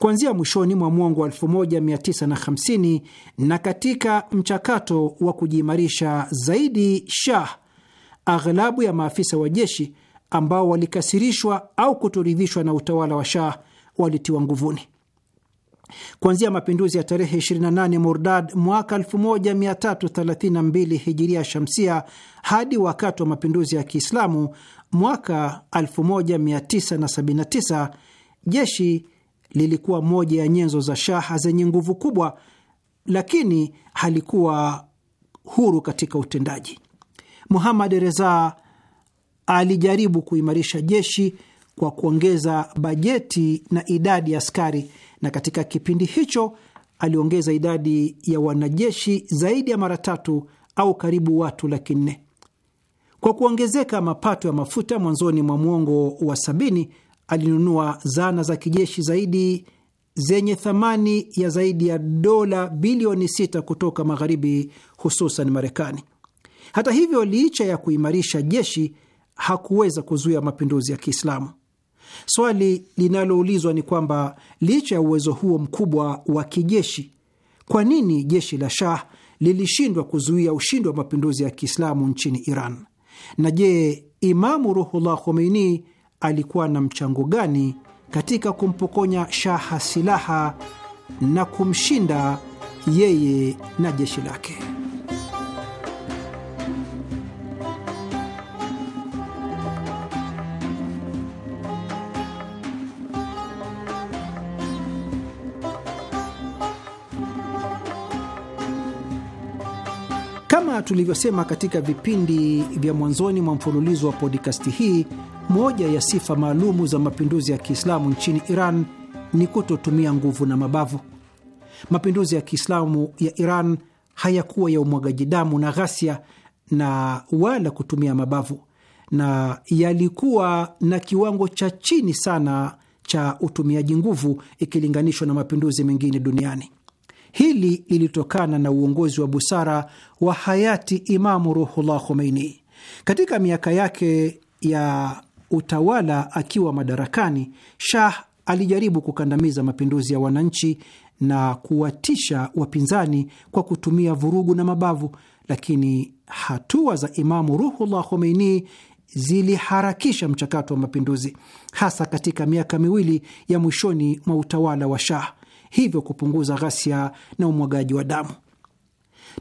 kuanzia mwishoni mwa mwongo wa 1950 na katika mchakato wa kujiimarisha zaidi Shah, aghlabu ya maafisa wa jeshi ambao walikasirishwa au kutoridhishwa na utawala wa Shah walitiwa nguvuni. Kuanzia mapinduzi ya tarehe 28 Mordad mwaka 1332 hijiria shamsia hadi wakati wa mapinduzi ya Kiislamu mwaka 1979 jeshi lilikuwa moja ya nyenzo za shaha zenye nguvu kubwa, lakini halikuwa huru katika utendaji. Muhammad Reza alijaribu kuimarisha jeshi kwa kuongeza bajeti na idadi ya askari, na katika kipindi hicho aliongeza idadi ya wanajeshi zaidi ya mara tatu au karibu watu laki nne. Kwa kuongezeka mapato ya mafuta mwanzoni mwa mwongo wa sabini, alinunua zana za kijeshi zaidi zenye thamani ya zaidi ya dola bilioni sita kutoka Magharibi, hususan Marekani. Hata hivyo, licha ya kuimarisha jeshi, hakuweza kuzuia mapinduzi ya Kiislamu. Swali linaloulizwa ni kwamba licha ya uwezo huo mkubwa wa kijeshi, kwa nini jeshi la Shah lilishindwa kuzuia ushindi wa mapinduzi ya Kiislamu nchini Iran? Na je, Imamu Ruhullah Khomeini alikuwa na mchango gani katika kumpokonya shaha silaha na kumshinda yeye na jeshi lake. Kama tulivyosema katika vipindi vya mwanzoni mwa mfululizo wa podikasti hii, moja ya sifa maalumu za mapinduzi ya Kiislamu nchini Iran ni kutotumia nguvu na mabavu. Mapinduzi ya Kiislamu ya Iran hayakuwa ya umwagaji damu na ghasia na wala kutumia mabavu, na yalikuwa na kiwango cha chini sana cha utumiaji nguvu ikilinganishwa na mapinduzi mengine duniani. Hili lilitokana na uongozi wa busara wa hayati Imamu Ruhullah Khomeini. Katika miaka yake ya utawala akiwa madarakani, Shah alijaribu kukandamiza mapinduzi ya wananchi na kuwatisha wapinzani kwa kutumia vurugu na mabavu, lakini hatua za Imamu Ruhullah Khomeini ziliharakisha mchakato wa mapinduzi, hasa katika miaka miwili ya mwishoni mwa utawala wa Shah, hivyo kupunguza ghasia na umwagaji wa damu.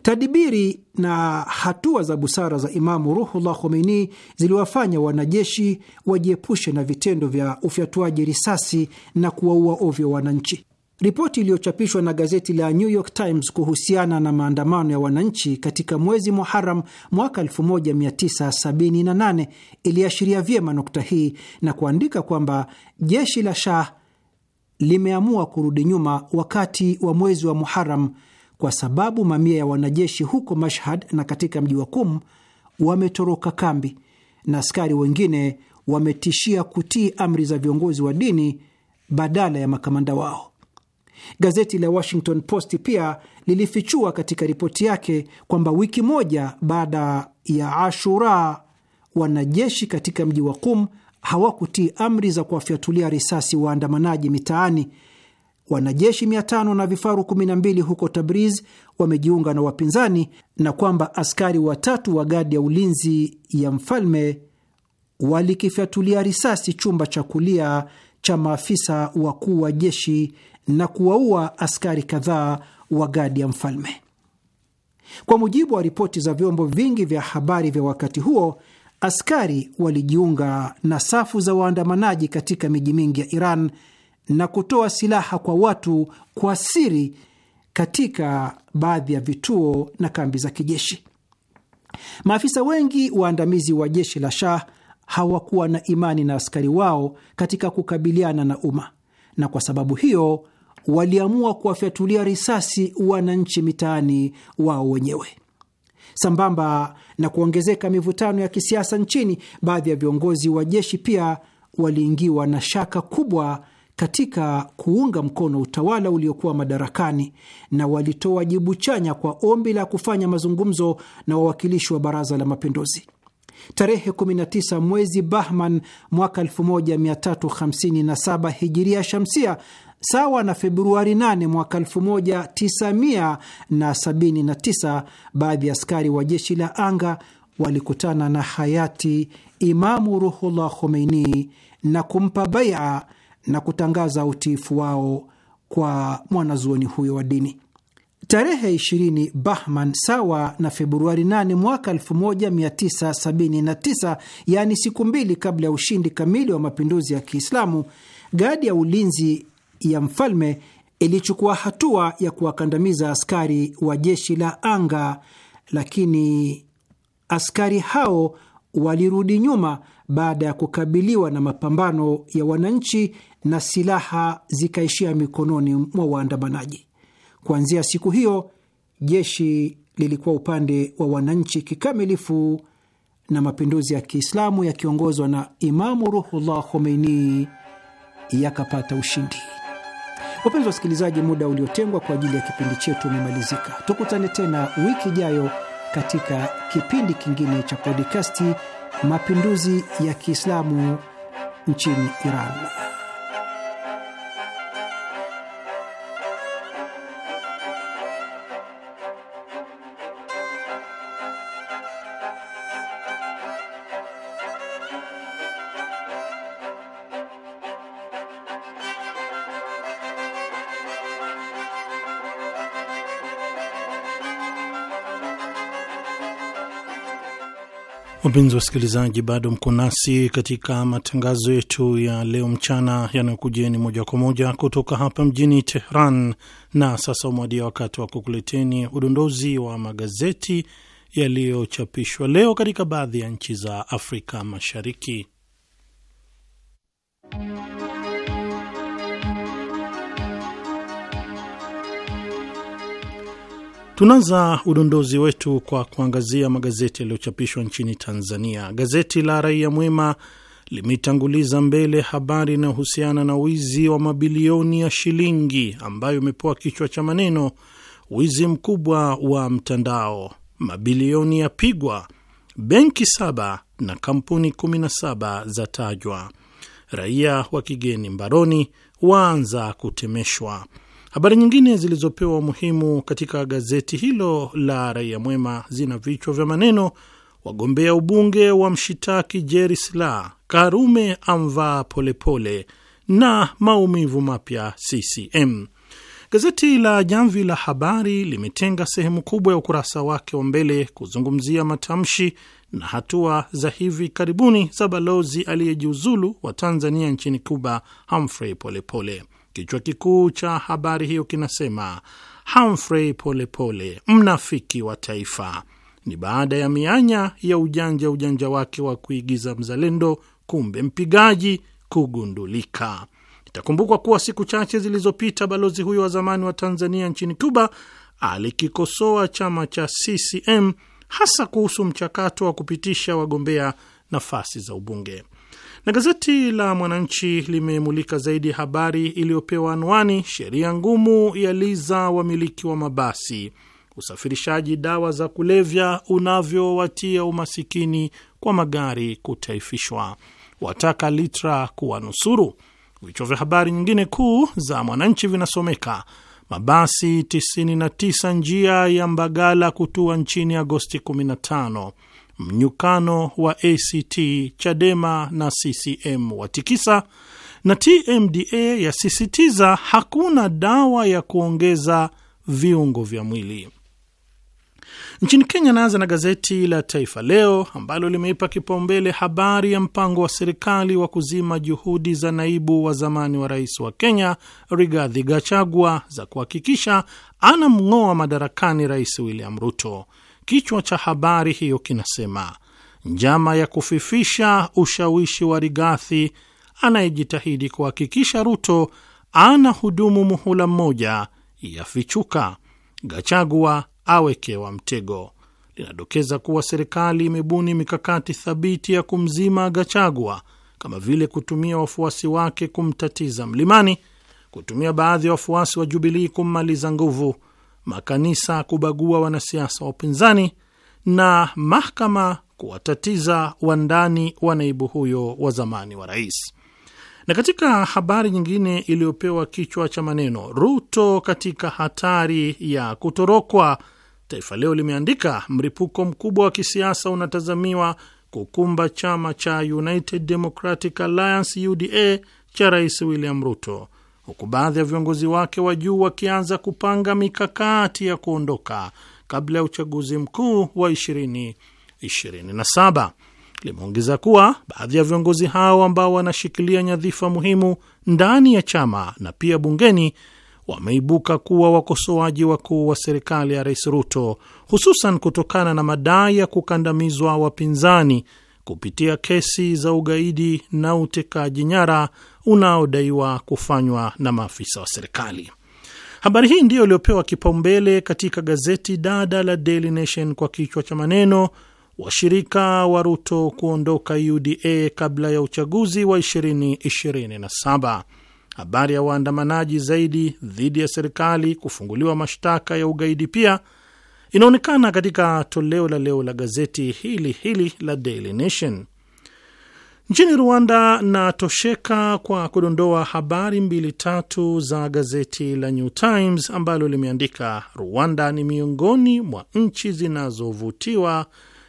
Tadibiri na hatua za busara za Imamu Ruhullah Khomeini ziliwafanya wanajeshi wajiepushe na vitendo vya ufyatuaji risasi na kuwaua ovyo wananchi. Ripoti iliyochapishwa na gazeti la New York Times kuhusiana na maandamano ya wananchi katika mwezi Muharam mwaka 1978 iliashiria vyema nukta hii na kuandika kwamba jeshi la Shah limeamua kurudi nyuma wakati wa mwezi wa Muharam kwa sababu mamia ya wanajeshi huko Mashhad na katika mji wa Kum wametoroka kambi na askari wengine wametishia kutii amri za viongozi wa dini badala ya makamanda wao. Gazeti la Washington Post pia lilifichua katika ripoti yake kwamba wiki moja baada ya Ashura, wanajeshi katika mji wa Kum hawakutii amri za kuwafyatulia risasi waandamanaji mitaani wanajeshi 5 na vifaru 12 huko Tabriz wamejiunga na wapinzani na kwamba askari watatu wa gadi ya ulinzi ya mfalme walikifyatulia risasi chumba cha kulia cha maafisa wakuu wa jeshi na kuwaua askari kadhaa wa gadi ya mfalme. Kwa mujibu wa ripoti za vyombo vingi vya habari vya wakati huo, askari walijiunga na safu za waandamanaji katika miji mingi ya Iran na kutoa silaha kwa watu kwa siri katika baadhi ya vituo na kambi za kijeshi. Maafisa wengi waandamizi wa jeshi la Shah hawakuwa na imani na askari wao katika kukabiliana na umma, na kwa sababu hiyo waliamua kuwafyatulia risasi wananchi mitaani wao wenyewe. Sambamba na kuongezeka mivutano ya kisiasa nchini, baadhi ya viongozi wa jeshi pia waliingiwa na shaka kubwa katika kuunga mkono utawala uliokuwa madarakani na walitoa jibu chanya kwa ombi la kufanya mazungumzo na wawakilishi wa Baraza la Mapinduzi. Tarehe 19 mwezi Bahman mwaka 1357 hijiria shamsia sawa na Februari 8 mwaka 1979, baadhi ya askari wa jeshi la anga walikutana na hayati Imamu Ruhullah Khomeini na kumpa baia na kutangaza utiifu wao kwa mwanazuoni huyo wa dini. Tarehe 20 Bahman sawa na Februari 8 mwaka 1979, yaani siku mbili kabla ya ushindi kamili wa mapinduzi ya Kiislamu, gadi ya ulinzi ya mfalme ilichukua hatua ya kuwakandamiza askari wa jeshi la anga, lakini askari hao walirudi nyuma baada ya kukabiliwa na mapambano ya wananchi na silaha zikaishia mikononi mwa waandamanaji. Kuanzia siku hiyo, jeshi lilikuwa upande wa wananchi kikamilifu na mapinduzi ya Kiislamu yakiongozwa na Imamu Ruhullah Khomeini yakapata ushindi. Wapenzi wasikilizaji, muda uliotengwa kwa ajili ya kipindi chetu umemalizika. Tukutane tena wiki ijayo katika kipindi kingine cha podikasti Mapinduzi ya Kiislamu nchini Iran. Wapenzi wasikilizaji, bado mko nasi katika matangazo yetu ya leo mchana yanayokujieni moja kwa moja kutoka hapa mjini Tehran, na sasa umewadia wakati wa kukuleteni udondozi wa magazeti yaliyochapishwa leo katika baadhi ya nchi za Afrika Mashariki. Tunaanza udondozi wetu kwa kuangazia magazeti yaliyochapishwa nchini Tanzania. Gazeti la Raia Mwema limetanguliza mbele habari inayohusiana na wizi wa mabilioni ya shilingi ambayo imepewa kichwa cha maneno wizi mkubwa wa mtandao, mabilioni ya pigwa benki saba na kampuni 17 za tajwa, raia wa kigeni mbaroni waanza kutemeshwa. Habari nyingine zilizopewa umuhimu katika gazeti hilo la Raia Mwema zina vichwa vya maneno: wagombea ubunge wa mshitaki Jerry Silaa, Karume amvaa Polepole na maumivu mapya CCM. Gazeti la Jamvi la Habari limetenga sehemu kubwa ya ukurasa wake wa mbele kuzungumzia matamshi na hatua za hivi karibuni za balozi aliyejiuzulu wa Tanzania nchini Cuba, Humphrey Polepole pole. Kichwa kikuu cha habari hiyo kinasema Humphrey Polepole mnafiki wa taifa. Ni baada ya mianya ya ujanja ujanja wake wa kuigiza mzalendo, kumbe mpigaji kugundulika. Itakumbukwa kuwa siku chache zilizopita balozi huyo wa zamani wa Tanzania nchini Cuba alikikosoa chama cha CCM hasa kuhusu mchakato wa kupitisha wagombea nafasi za ubunge. Na gazeti la Mwananchi limemulika zaidi habari iliyopewa anwani sheria ngumu ya liza wamiliki wa mabasi, usafirishaji dawa za kulevya unavyowatia umasikini kwa magari kutaifishwa, wataka LITRA kuwanusuru. Vichwa vya habari nyingine kuu za Mwananchi vinasomeka mabasi 99 njia ya Mbagala kutua nchini Agosti 15 mnyukano wa ACT, Chadema na CCM watikisa, na TMDA yasisitiza hakuna dawa ya kuongeza viungo vya mwili. Nchini Kenya, naanza na gazeti la Taifa Leo ambalo limeipa kipaumbele habari ya mpango wa serikali wa kuzima juhudi za naibu wa zamani wa rais wa Kenya Rigathi Gachagua za kuhakikisha anamng'oa madarakani Rais William Ruto. Kichwa cha habari hiyo kinasema njama ya kufifisha ushawishi wa Rigathi anayejitahidi kuhakikisha Ruto ana hudumu muhula mmoja yafichuka, Gachagua awekewa mtego. Linadokeza kuwa serikali imebuni mikakati thabiti ya kumzima Gachagua kama vile kutumia wafuasi wake kumtatiza Mlimani, kutumia baadhi ya wafuasi wa Jubilii kummaliza nguvu makanisa kubagua wanasiasa wa upinzani na mahakama kuwatatiza wandani wa naibu huyo wa zamani wa rais. Na katika habari nyingine iliyopewa kichwa cha maneno Ruto katika hatari ya kutorokwa, Taifa Leo limeandika mripuko mkubwa wa kisiasa unatazamiwa kukumba chama cha United Democratic Alliance UDA cha Rais William Ruto huku baadhi ya viongozi wake wa juu wakianza kupanga mikakati ya kuondoka kabla ya uchaguzi mkuu wa 2027. Limeongeza kuwa baadhi ya viongozi hao ambao wanashikilia nyadhifa muhimu ndani ya chama na pia bungeni wameibuka kuwa wakosoaji wakuu wa serikali ya Rais Ruto, hususan kutokana na madai ya kukandamizwa wapinzani kupitia kesi za ugaidi na utekaji nyara unaodaiwa kufanywa na maafisa wa serikali. Habari hii ndiyo iliyopewa kipaumbele katika gazeti dada la Daily Nation kwa kichwa cha maneno washirika wa Ruto kuondoka UDA kabla ya uchaguzi wa 2027, habari ya waandamanaji zaidi dhidi ya serikali kufunguliwa mashtaka ya ugaidi pia inaonekana katika toleo la leo la gazeti hili hili la Daily Nation. Nchini Rwanda natosheka kwa kudondoa habari mbili tatu za gazeti la New Times ambalo limeandika Rwanda ni miongoni mwa nchi zinazovutiwa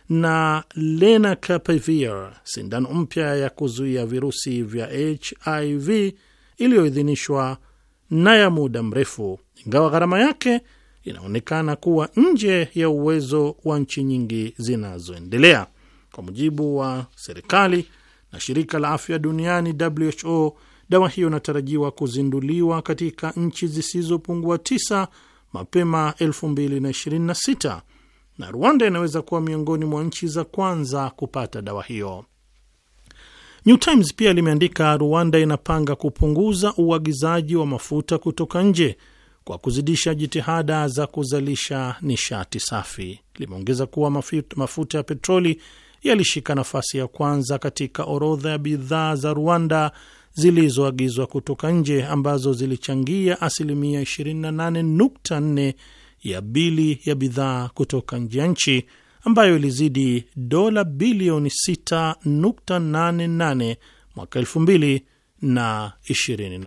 na lenacapavir, sindano mpya ya kuzuia virusi vya HIV iliyoidhinishwa na ya muda mrefu, ingawa gharama yake inaonekana kuwa nje ya uwezo wa nchi nyingi zinazoendelea. Kwa mujibu wa serikali na shirika la afya duniani WHO, dawa hiyo inatarajiwa kuzinduliwa katika nchi zisizopungua tisa mapema 2026 na Rwanda inaweza kuwa miongoni mwa nchi za kwanza kupata dawa hiyo. New Times pia limeandika, Rwanda inapanga kupunguza uagizaji wa mafuta kutoka nje kwa kuzidisha jitihada za kuzalisha nishati safi. Limeongeza kuwa mafuta ya petroli yalishika nafasi ya kwanza katika orodha ya bidhaa za Rwanda zilizoagizwa kutoka nje ambazo zilichangia asilimia 28.4 ya bili ya bidhaa kutoka nje ya nchi ambayo ilizidi dola bilioni 6.88 mwaka 2020.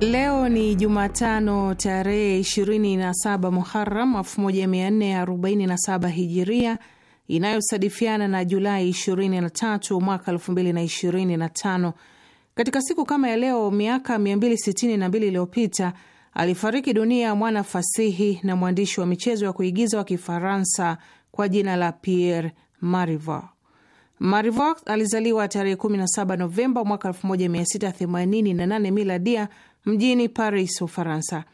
Leo ni Jumatano tarehe 27 muharam 1447 Hijiria inayosadifiana na Julai 23 mwaka 2025. Katika siku kama ya leo miaka 262 iliyopita alifariki dunia mwana fasihi na mwandishi wa michezo ya kuigiza wa Kifaransa kwa jina la Pierre Marivaux. Marivaux alizaliwa tarehe 17 Novemba mwaka 1688 miladia mjini Paris, Ufaransa.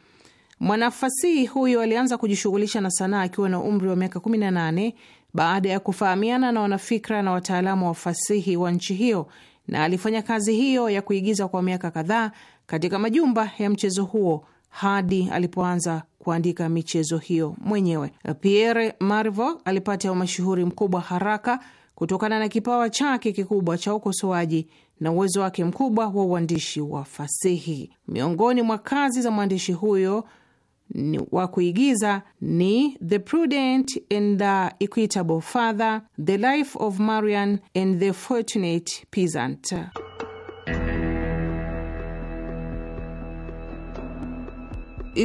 Mwanafasihi huyo alianza kujishughulisha na sanaa akiwa na umri wa miaka 18 baada ya kufahamiana na wanafikra na wataalamu wa fasihi wa nchi hiyo, na alifanya kazi hiyo ya kuigiza kwa miaka kadhaa katika majumba ya mchezo huo hadi alipoanza kuandika michezo hiyo mwenyewe. Pierre Marivaux alipata umashuhuri mkubwa haraka kutokana na kipawa chake kikubwa cha ukosoaji na uwezo wake mkubwa wa uandishi wa fasihi. Miongoni mwa kazi za mwandishi huyo wa kuigiza ni The Prudent and the Equitable Father, The Life of Marian and the Fortunate Peasant.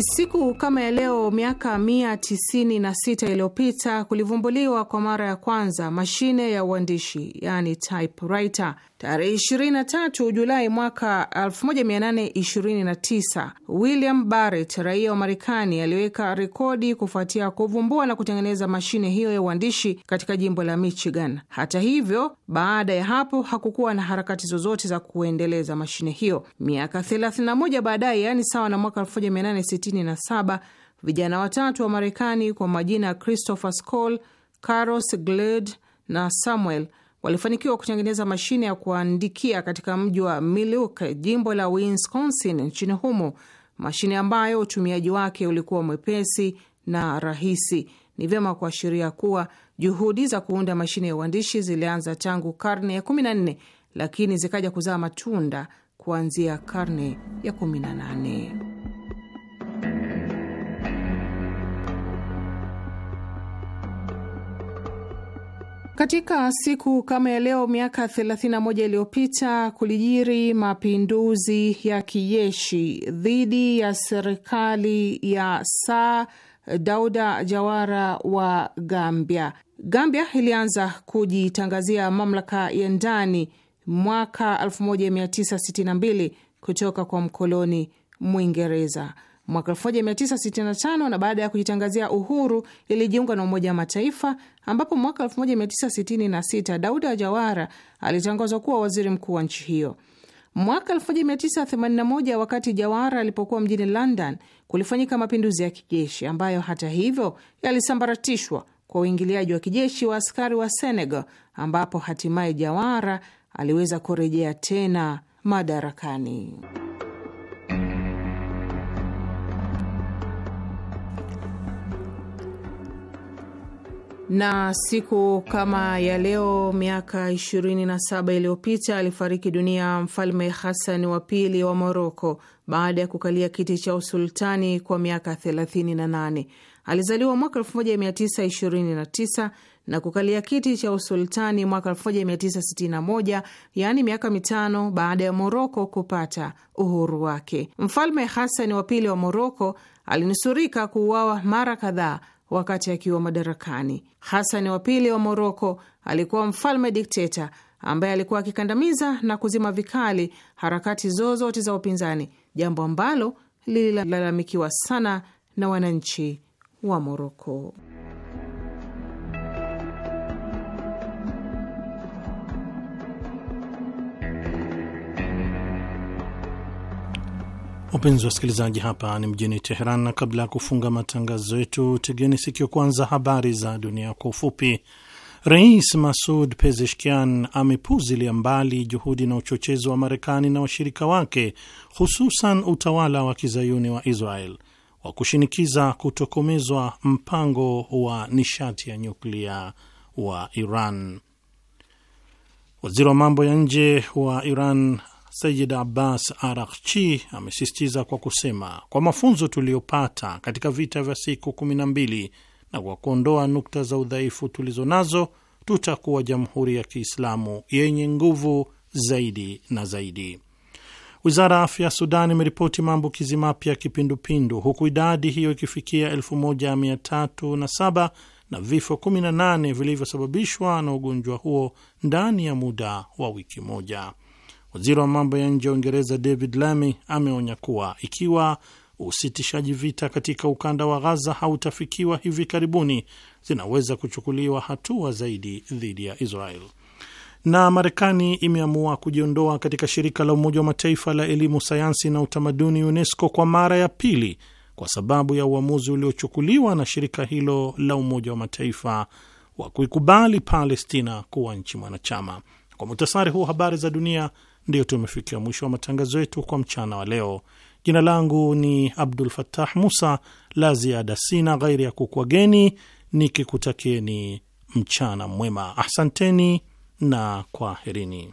Siku kama ya leo miaka 96 iliyopita kulivumbuliwa kwa mara ya kwanza mashine ya uandishi, yani typewriter. Tarehe 23 Julai mwaka 1829 William Barrett, raia wa Marekani, aliweka rekodi kufuatia kuvumbua na kutengeneza mashine hiyo ya uandishi katika jimbo la Michigan. Hata hivyo, baada ya hapo hakukuwa na harakati zozote za kuendeleza mashine hiyo. Miaka 31 baadaye, yaani sawa na mwaka 1867, vijana watatu wa Marekani kwa majina ya Christopher Scholl, Carlos Glad na Samuel walifanikiwa kutengeneza mashine ya kuandikia katika mji wa Milwaukee, jimbo la Wisconsin nchini humo, mashine ambayo utumiaji wake ulikuwa mwepesi na rahisi. Ni vyema kuashiria kuwa juhudi za kuunda mashine ya uandishi zilianza tangu karne ya 14 lakini zikaja kuzaa matunda kuanzia karne ya 18. Katika siku kama ya leo miaka 31 iliyopita kulijiri mapinduzi ya kijeshi dhidi ya serikali ya Saa Dauda Jawara wa Gambia. Gambia ilianza kujitangazia mamlaka ya ndani mwaka 1962 kutoka kwa mkoloni Mwingereza mwaka 1965 na baada ya kujitangazia uhuru ilijiunga na Umoja wa Mataifa, ambapo mwaka 1966 Dauda Jawara alitangazwa kuwa waziri mkuu wa nchi hiyo. Mwaka 1981 wakati Jawara alipokuwa mjini London, kulifanyika mapinduzi ya kijeshi ambayo hata hivyo yalisambaratishwa kwa uingiliaji wa kijeshi wa askari wa Senegal, ambapo hatimaye Jawara aliweza kurejea tena madarakani. na siku kama ya leo miaka 27 iliyopita alifariki dunia mfalme Hasani wa pili wa Moroko baada ya kukalia kiti cha usultani kwa miaka 38. Alizaliwa mwaka 1929 na kukalia kiti cha usultani mwaka 1961, yaani miaka mitano baada ya Moroko kupata uhuru wake. Mfalme Hasani wa pili wa Moroko alinusurika kuuawa mara kadhaa wakati akiwa madarakani. Hasani wa pili wa Moroko alikuwa mfalme dikteta ambaye alikuwa akikandamiza na kuzima vikali harakati zozote za upinzani, jambo ambalo lililalamikiwa sana na wananchi wa Moroko. Wapenzi wasikilizaji, hapa ni mjini Teheran, na kabla ya kufunga matangazo yetu, tegeni sikio kwanza habari za dunia kwa ufupi. Rais Masud Pezeshkian amepuzilia mbali juhudi na uchochezi wa Marekani na washirika wake, hususan utawala wa kizayuni wa Israel wa kushinikiza kutokomezwa mpango wa nishati ya nyuklia wa Iran. Waziri wa mambo ya nje wa Iran Sayid Abbas Arakchi amesisitiza kwa kusema, kwa mafunzo tuliyopata katika vita vya siku kumi na kwa kuondoa nukta za udhaifu tulizo nazo, tutakuwa jamhuri ya Kiislamu yenye nguvu zaidi na zaidi. Wizara ya afya ya Sudan imeripoti maambukizi mapya ya kipindupindu huku idadi hiyo ikifikia 1307 na vifo 18 vilivyosababishwa na ugonjwa huo ndani ya muda wa wiki moja. Waziri wa mambo ya nje wa Uingereza David Lammy ameonya kuwa ikiwa usitishaji vita katika ukanda wa Ghaza hautafikiwa hivi karibuni, zinaweza kuchukuliwa hatua zaidi dhidi ya Israel. Na Marekani imeamua kujiondoa katika shirika la Umoja wa Mataifa la elimu, sayansi na utamaduni, UNESCO, kwa mara ya pili kwa sababu ya uamuzi uliochukuliwa na shirika hilo la Umoja wa Mataifa wa kuikubali Palestina kuwa nchi mwanachama. Kwa muhtasari huu habari za dunia. Ndiyo tumefikia mwisho wa matangazo yetu kwa mchana wa leo. Jina langu ni Abdul Fattah Musa. La ziada sina ghairi ya kukwageni nikikutakieni mchana mwema. Asanteni na kwaherini.